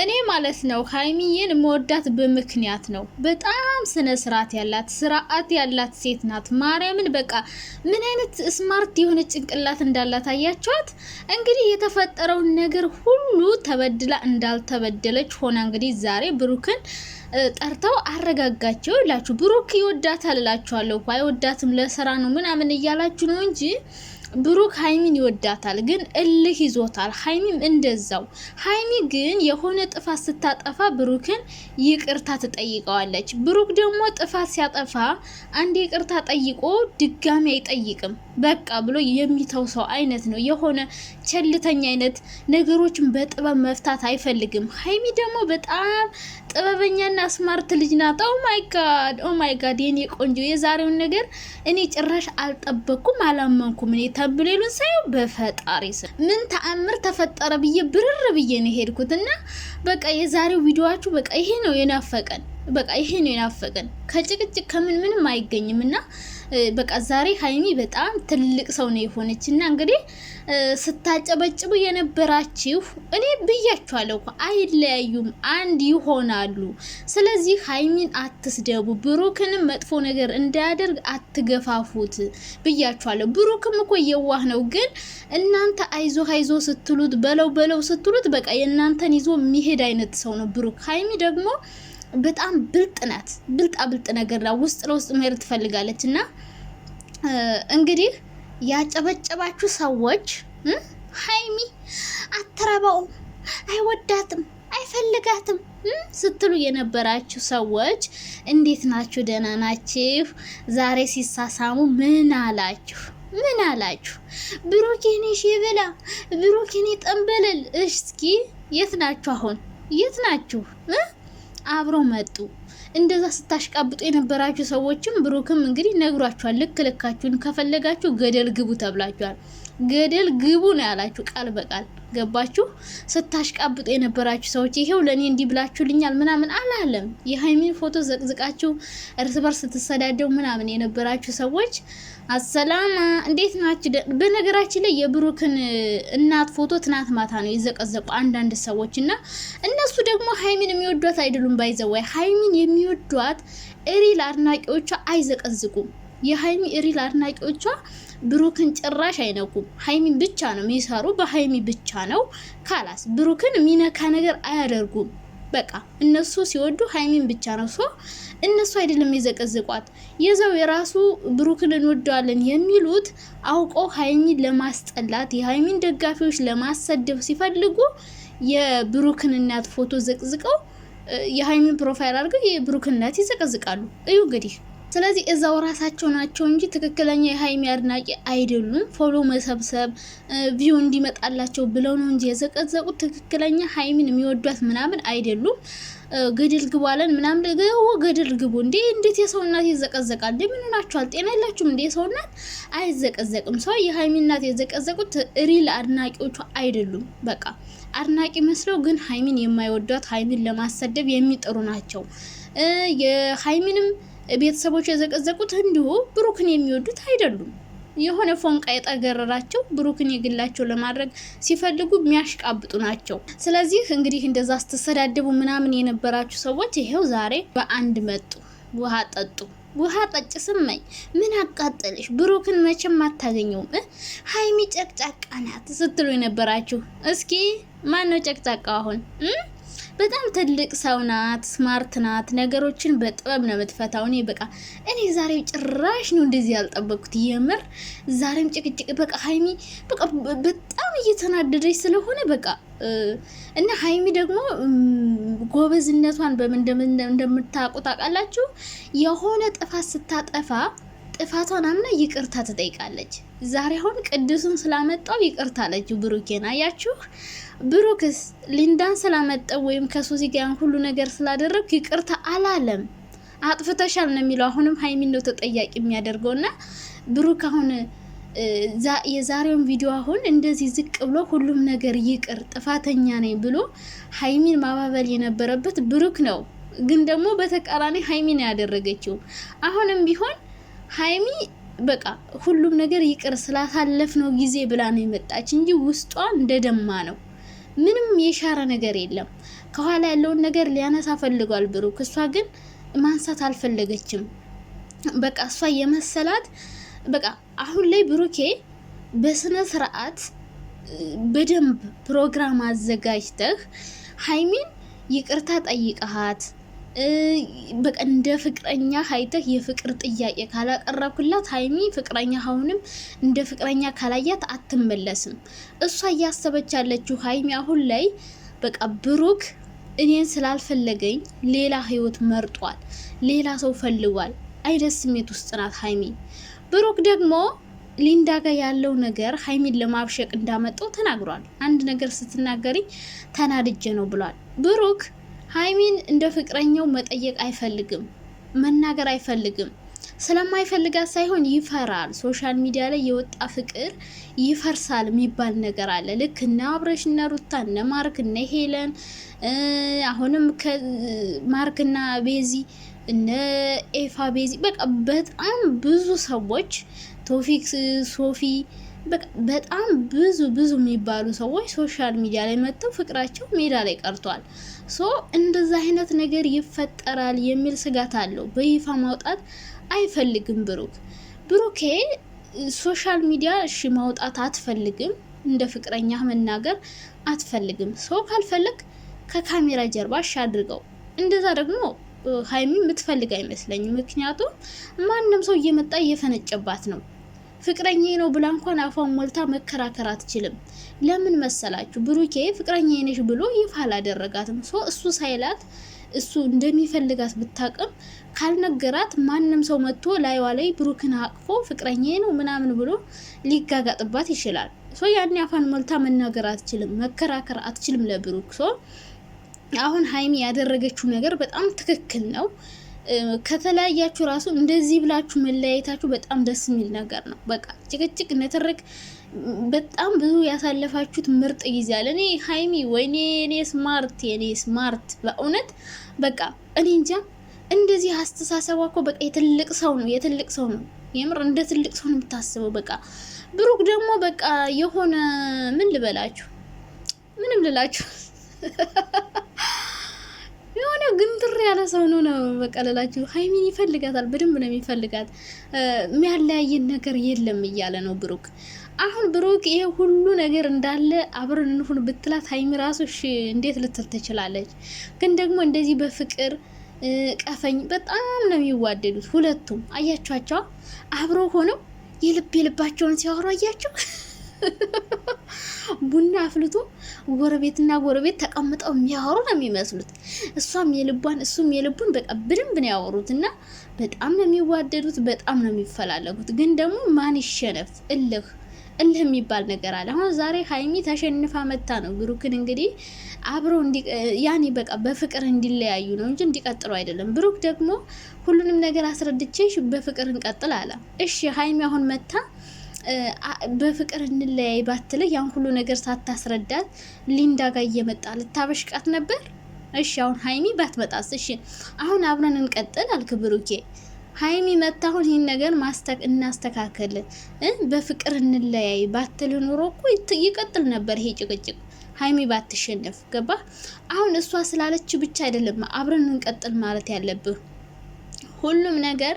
እኔ ማለት ነው ሀይሚዬን መወዳት በምክንያት ነው። በጣም ስነ ስርዓት ያላት ስርዓት ያላት ሴት ናት። ማርያምን በቃ ምን አይነት ስማርት የሆነ ጭንቅላት እንዳላት አያቸዋት። እንግዲህ የተፈጠረውን ነገር ሁሉ ተበድላ እንዳልተበደለች ሆና እንግዲህ ዛሬ ብሩክን ጠርተው አረጋጋቸው ይላችሁ። ብሩክ ይወዳታል እላችኋለሁ። አይወዳትም ለስራ ነው ምናምን እያላችሁ ነው እንጂ ብሩክ ሀይሚን ይወዳታል፣ ግን እልህ ይዞታል። ሀይሚም እንደዛው። ሀይሚ ግን የሆነ ጥፋት ስታጠፋ ብሩክን ይቅርታ ትጠይቀዋለች። ብሩክ ደግሞ ጥፋት ሲያጠፋ አንድ ይቅርታ ጠይቆ ድጋሚ አይጠይቅም። በቃ ብሎ የሚተው ሰው አይነት ነው። የሆነ ቸልተኛ አይነት ነገሮችን በጥበብ መፍታት አይፈልግም። ሀይሚ ደግሞ በጣም ጥበበኛና ስማርት ልጅ ናት። ኦ ማይ ጋድ ኦ ማይ ጋድ የኔ ቆንጆ፣ የዛሬውን ነገር እኔ ጭራሽ አልጠበቅኩም፣ አላመንኩም እኔ ተብሌሉን ሳየው በፈጣሪ ስ ምን ተአምር ተፈጠረ ብዬ ብርር ብዬ ነው ሄድኩት እና በቃ የዛሬው ቪዲዮችሁ በቃ ይሄ ነው የናፈቀን። በቃ ይሄ ነው የናፈቀን። ከጭቅጭቅ ከምን ምንም አይገኝም እና በቃ ዛሬ ሀይሚ በጣም ትልቅ ሰው ነው የሆነች እና እንግዲህ ስታጨበጭቡ የነበራችሁ እኔ ብያችኋለሁ አይለያዩም፣ አንድ ይሆናሉ። ስለዚህ ሀይሚን አትስደቡ፣ ብሩክንም መጥፎ ነገር እንዳያደርግ አትገፋፉት ብያችኋለሁ። ብሩክም እኮ የዋህ ነው፣ ግን እናንተ አይዞ አይዞ ስትሉት በለው በለው ስትሉት በቃ የእናንተን ይዞ የሚሄድ አይነት ሰው ነው ብሩክ። ሀይሚ ደግሞ በጣም ብልጥ ናት። ብልጣ ብልጥ ነገር ናት። ውስጥ ለውስጥ መሄድ ትፈልጋለች። እና እንግዲህ ያጨበጨባችሁ ሰዎች ሀይሚ አትረባውም፣ አይወዳትም፣ አይፈልጋትም ስትሉ የነበራችሁ ሰዎች እንዴት ናችሁ? ደህና ናችሁ? ዛሬ ሲሳሳሙ ምን አላችሁ? ምን አላችሁ? ብሩኬኔ ሼበላ፣ ብሩኬኔ ጠንበለል። እስኪ የት ናችሁ? አሁን የት ናችሁ? አብረው መጡ። እንደዛ ስታሽቃብጡ የነበራችሁ ሰዎችም ብሩክም እንግዲህ ነግሯችኋል። ልክ ልካችሁን ከፈለጋችሁ ገደል ግቡ ተብላችኋል። ገደል ግቡ ነው ያላችሁ ቃል በቃል ገባችሁ። ስታሽቃብጡ የነበራችሁ ሰዎች ይሄው ለእኔ እንዲህ ብላችሁልኛል ምናምን አላለም። የሀይሚን ፎቶ ዘቅዝቃችሁ እርስ በርስ ስትሰዳደው ምናምን የነበራችሁ ሰዎች አሰላማ እንዴት ናችሁ? በነገራችን ላይ የብሩክን እናት ፎቶ ትናት ማታ ነው የዘቀዘቁ አንዳንድ ሰዎች እና እነሱ ደግሞ ሀይሚን የሚወዷት አይደሉም። ባይዘዋይ ሀይሚን የሚወዷት ሪል አድናቂዎቿ አይዘቀዝቁም። የሀይሚ ሪል አድናቂዎቿ ብሩክን ጭራሽ አይነኩም። ሀይሚን ብቻ ነው የሚሰሩ፣ በሀይሚ ብቻ ነው ካላስ ብሩክን የሚነካ ነገር አያደርጉም። በቃ እነሱ ሲወዱ ሀይሚን ብቻ ነው ሶ እነሱ አይደለም የዘቀዝቋት። የዛው የራሱ ብሩክን እንወደዋለን የሚሉት አውቀው ሀይሚን ለማስጠላት የሀይሚን ደጋፊዎች ለማሰደብ ሲፈልጉ የብሩክን እናት ፎቶ ዘቅዝቀው የሀይሚን ፕሮፋይል አድርገው የብሩክነት ይዘቀዝቃሉ። እዩ እንግዲህ ስለዚህ እዛው ራሳቸው ናቸው እንጂ ትክክለኛ የሀይሚ አድናቂ አይደሉም። ፎሎ መሰብሰብ ቪው እንዲመጣላቸው ብለው ነው እንጂ የዘቀዘቁት ትክክለኛ ሀይሚን የሚወዷት ምናምን አይደሉም። ገደል ግቡ አለን ምናምን ደግሞ ገደል ግቡ እንዴ! እንዴት የሰው እናት ይዘቀዘቃል? እንደምን ሆናችኋል? ጤና የላችሁም እንዴ? የሰው እናት አይዘቀዘቅም። ሰው የሀይሚ እናት የዘቀዘቁት ሪል አድናቂዎቹ አይደሉም። በቃ አድናቂ መስለው ግን ሀይሚን የማይወዷት ሀይሚን ለማሰደብ የሚጥሩ ናቸው። የሀይሚንም ቤተሰቦች የዘቀዘቁት እንዲሁ ብሩክን የሚወዱት አይደሉም። የሆነ ፎንቃ የጠገረራቸው ብሩክን የግላቸው ለማድረግ ሲፈልጉ የሚያሽቃብጡ ናቸው። ስለዚህ እንግዲህ እንደዛ ስትሰዳደቡ ምናምን የነበራችሁ ሰዎች ይሄው ዛሬ በአንድ መጡ። ውሃ ጠጡ። ውሃ ጠጭ። ስመኝ ምን አቃጠልሽ? ብሩክን መቼም አታገኘውም። ሀይሚ ጨቅጫቃ ናት ስትሉ የነበራችሁ እስኪ ማን ነው ጨቅጫቃ አሁን? በጣም ትልቅ ሰው ናት፣ ስማርት ናት። ነገሮችን በጥበብ ነው የምትፈታው። እኔ በቃ እኔ ዛሬ ጭራሽ ነው እንደዚህ ያልጠበቅኩት። የምር ዛሬም ጭቅጭቅ በቃ ሀይሚ በቃ በጣም እየተናደደች ስለሆነ በቃ እና ሀይሚ ደግሞ ጎበዝነቷን በምን እንደምታውቁ ታውቃላችሁ። የሆነ ጥፋት ስታጠፋ ጥፋቷን አምና ይቅርታ ትጠይቃለች። ዛሬ አሁን ቅዱስን ስላመጣው ይቅርታ አለች ብሩኬን። አያችሁ ብሩክስ ሊንዳን ስላመጣው ወይም ከሶሲ ጋር ሁሉ ነገር ስላደረግ ይቅርታ አላለም። አጥፍተሻል ነው የሚለው። አሁንም ሀይሚን ነው ተጠያቂ የሚያደርገው እና ብሩክ አሁን የዛሬውን ቪዲዮ አሁን እንደዚህ ዝቅ ብሎ ሁሉም ነገር ይቅር ጥፋተኛ ነኝ ብሎ ሀይሚን ማባበል የነበረበት ብሩክ ነው። ግን ደግሞ በተቃራኒ ሀይሚን ያደረገችው አሁንም ቢሆን ሀይሚ በቃ ሁሉም ነገር ይቅር ነው ጊዜ ብላ ነው የመጣች እንጂ ውስጧ እንደደማ ነው። ምንም የሻረ ነገር የለም። ከኋላ ያለውን ነገር ሊያነሳ ፈልጓል ብሩክ፣ እሷ ግን ማንሳት አልፈለገችም። በቃ እሷ የመሰላት በቃ አሁን ላይ ብሩኬ በስነ ስርዓት በደንብ ፕሮግራም አዘጋጅተህ ሀይሚን ይቅርታ ጠይቀሃት በቃ እንደ ፍቅረኛ ሀይተህ የፍቅር ጥያቄ ካላቀረብክላት ሀይሚ ፍቅረኛ አሁንም እንደ ፍቅረኛ ካላያት አትመለስም። እሷ እያሰበች ያለችው ሀይሚ አሁን ላይ በቃ ብሩክ እኔን ስላልፈለገኝ ሌላ ህይወት መርጧል፣ ሌላ ሰው ፈልጓል አይነት ስሜት ውስጥ ናት ሀይሚ። ብሩክ ደግሞ ሊንዳ ጋር ያለው ነገር ሀይሚን ለማብሸቅ እንዳመጣው ተናግሯል። አንድ ነገር ስትናገሪ ተናድጄ ነው ብሏል ብሩክ ሀይሚን እንደ ፍቅረኛው መጠየቅ አይፈልግም፣ መናገር አይፈልግም። ስለማይፈልጋት ሳይሆን ይፈራል። ሶሻል ሚዲያ ላይ የወጣ ፍቅር ይፈርሳል የሚባል ነገር አለ። ልክ እነ አብረሽ እነ ሩታ እነ ማርክ እነ ሄለን አሁንም ማርክና ቤዚ እነ ኤፋ ቤዚ በቃ በጣም ብዙ ሰዎች ቶፊክ ሶፊ በጣም ብዙ ብዙ የሚባሉ ሰዎች ሶሻል ሚዲያ ላይ መጥተው ፍቅራቸው ሜዳ ላይ ቀርቷል። ሶ እንደዛ አይነት ነገር ይፈጠራል የሚል ስጋት አለው። በይፋ ማውጣት አይፈልግም ብሩክ። ብሩኬ ሶሻል ሚዲያ እሺ ማውጣት አትፈልግም፣ እንደ ፍቅረኛ መናገር አትፈልግም። ሰው ካልፈለግ ከካሜራ ጀርባ እሺ አድርገው። እንደዛ ደግሞ ሀይሚ የምትፈልግ አይመስለኝም። ምክንያቱም ማንም ሰው እየመጣ እየፈነጨባት ነው ፍቅረኛ ነው ብላ እንኳን አፏን ሞልታ መከራከር አትችልም። ለምን መሰላችሁ? ብሩኬ ፍቅረኛ ነሽ ብሎ ይፋ አላደረጋትም። ሶ እሱ ሳይላት እሱ እንደሚፈልጋት ብታቅም ካልነገራት ማንም ሰው መጥቶ ላይዋ ላይ ብሩክን አቅፎ ፍቅረኛ ነው ምናምን ብሎ ሊጋጋጥባት ይችላል። ሶ ያን አፏን ሞልታ መናገር አትችልም፣ መከራከር አትችልም ለብሩክ ሶ አሁን ሀይሚ ያደረገችው ነገር በጣም ትክክል ነው። ከተለያያችሁ ራሱ እንደዚህ ብላችሁ መለያየታችሁ በጣም ደስ የሚል ነገር ነው። በቃ ጭቅጭቅ ንትርክ፣ በጣም ብዙ ያሳለፋችሁት ምርጥ ጊዜ አለ። እኔ ሀይሚ ወይኔ እኔ ስማርት የኔ ስማርት በእውነት በቃ እኔ እንጃ እንደዚህ አስተሳሰቧ እኮ በቃ የትልቅ ሰው ነው የትልቅ ሰው ነው የምር እንደ ትልቅ ሰው ነው የምታስበው። በቃ ብሩክ ደግሞ በቃ የሆነ ምን ልበላችሁ ምንም ልላችሁ ግንትር ያለ ሰው ነው ነው በቃ ሀይሚን ይፈልጋታል፣ በደንብ ነው የሚፈልጋት። የሚያለያየን ነገር የለም እያለ ነው ብሩክ። አሁን ብሩክ ይሄ ሁሉ ነገር እንዳለ አብረን እንሁን ብትላት ሀይሚ ራሱ እሺ እንዴት ልትል ትችላለች? ግን ደግሞ እንደዚህ በፍቅር ቀፈኝ በጣም ነው የሚዋደዱት ሁለቱም። አያችኋቸዋ አብረው ሆነው የልብ የልባቸውን ሲያወሩ አያቸው። ቡና አፍልቶ ጎረቤትና ጎረቤት ተቀምጠው የሚያወሩ ነው የሚመስሉት። እሷም የልቧን እሱም የልቡን በቃ ብድንብ ነው ያወሩት እና በጣም ነው የሚዋደዱት፣ በጣም ነው የሚፈላለጉት። ግን ደግሞ ማን ይሸነፍ እልህ እልህ የሚባል ነገር አለ። አሁን ዛሬ ሀይሚ ተሸንፋ መታ ነው ብሩክን እንግዲህ አብሮ ያኔ በቃ በፍቅር እንዲለያዩ ነው እንጂ እንዲቀጥሉ አይደለም። ብሩክ ደግሞ ሁሉንም ነገር አስረድቼሽ በፍቅር እንቀጥል አለ። እሺ ሀይሚ አሁን መታ በፍቅር እንለያይ ባትለይ ያን ሁሉ ነገር ሳታስረዳት ሊንዳ ጋር እየመጣ ልታበሽቃት ነበር። እሺ አሁን ሀይሚ ባትመጣስ? እሺ አሁን አብረን እንቀጥል አልክ ብሩኬ። ሀይሚ መታ አሁን ይህን ነገር እናስተካከል በፍቅር እንለያይ ባትል ኑሮ እኮ ይቀጥል ነበር ይሄ ጭቅጭቅ። ሀይሚ ባትሸነፍ ገባ። አሁን እሷ ስላለች ብቻ አይደለም አብረን እንቀጥል ማለት ያለብህ ሁሉም ነገር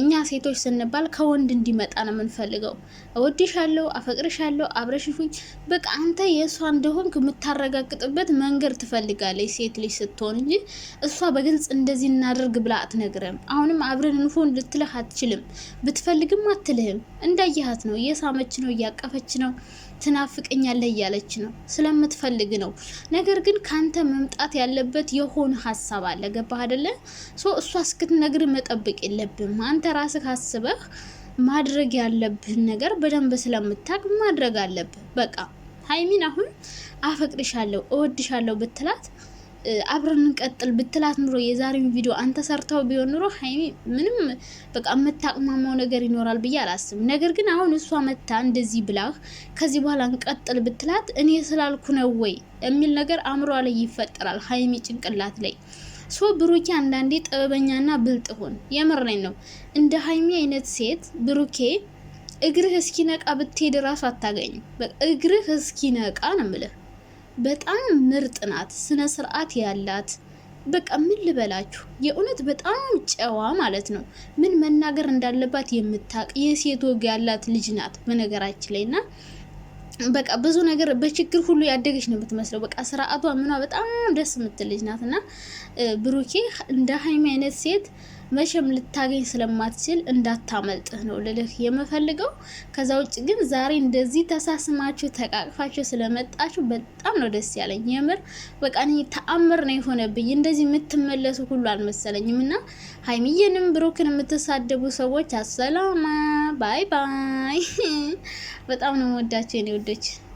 እኛ ሴቶች ስንባል ከወንድ እንዲመጣ ነው የምንፈልገው። እወድሻለሁ፣ አፈቅርሻለሁ፣ አብረሽፉኝ በቃ አንተ የእሷ እንደሆንክ የምታረጋግጥበት መንገድ ትፈልጋለች ሴት ልጅ ስትሆን እንጂ እሷ በግልጽ እንደዚህ እናደርግ ብላ አትነግርም። አሁንም አብረን እንሆን ልትልህ አትችልም። ብትፈልግም አትልህም። እንዳየሃት ነው፣ እየሳመች ነው፣ እያቀፈች ነው ትናፍቀኛለህ እያለች ነው፣ ስለምትፈልግ ነው። ነገር ግን ካንተ መምጣት ያለበት የሆነ ሀሳብ አለ። ገባህ አይደለ? ሶ እሷ እስክትነግር መጠበቅ የለብም። አንተ ራስህ አስበህ ማድረግ ያለብህን ነገር በደንብ ስለምታቅ ማድረግ አለብህ። በቃ ሀይሚን አሁን አፈቅድሻለሁ፣ እወድሻለሁ ብትላት አብረን እንቀጥል ብትላት ኑሮ የዛሬውን ቪዲዮ አንተ ሰርተው ቢሆን ኑሮ ሀይሚ ምንም በቃ የምታቅማማው ነገር ይኖራል ብዬ አላስብም። ነገር ግን አሁን እሷ መታ እንደዚህ ብላህ ከዚህ በኋላ እንቀጥል ብትላት እኔ ስላልኩ ነው ወይ የሚል ነገር አእምሯ ላይ ይፈጠራል፣ ሀይሚ ጭንቅላት ላይ ሶ ብሩኬ አንዳንዴ ጥበበኛና ብልጥ ሆን የምርነኝ ነው። እንደ ሀይሚ አይነት ሴት ብሩኬ እግርህ እስኪነቃ ብትሄድ ራሱ አታገኝም። እግርህ እስኪነቃ ነው ምልህ በጣም ምርጥ ናት፣ ስነ ስርዓት ያላት በቃ ምን ልበላችሁ፣ የእውነት በጣም ጨዋ ማለት ነው። ምን መናገር እንዳለባት የምታውቅ የሴት ወግ ያላት ልጅ ናት በነገራችን ላይ እና በቃ ብዙ ነገር በችግር ሁሉ ያደገች ነው የምትመስለው። በቃ ስርዓቷ ምኗ በጣም ደስ የምትል ልጅ ናት እና ብሩኬ እንደ ሀይሚ አይነት ሴት መቼም ልታገኝ ስለማትችል እንዳታመልጥህ ነው ልልህ የምፈልገው። ከዛ ውጭ ግን ዛሬ እንደዚህ ተሳስማችሁ ተቃቅፋችሁ ስለመጣችሁ በጣም ነው ደስ ያለኝ። የምር በቃ እኔ ተአምር ነው የሆነብኝ። እንደዚህ የምትመለሱ ሁሉ አልመሰለኝም። እና ሀይሚዬንም ብሩክን የምትሳደቡ ሰዎች አሰላማ ባይ ባይ። በጣም ነው ወዳቸው የኔ ወዶች።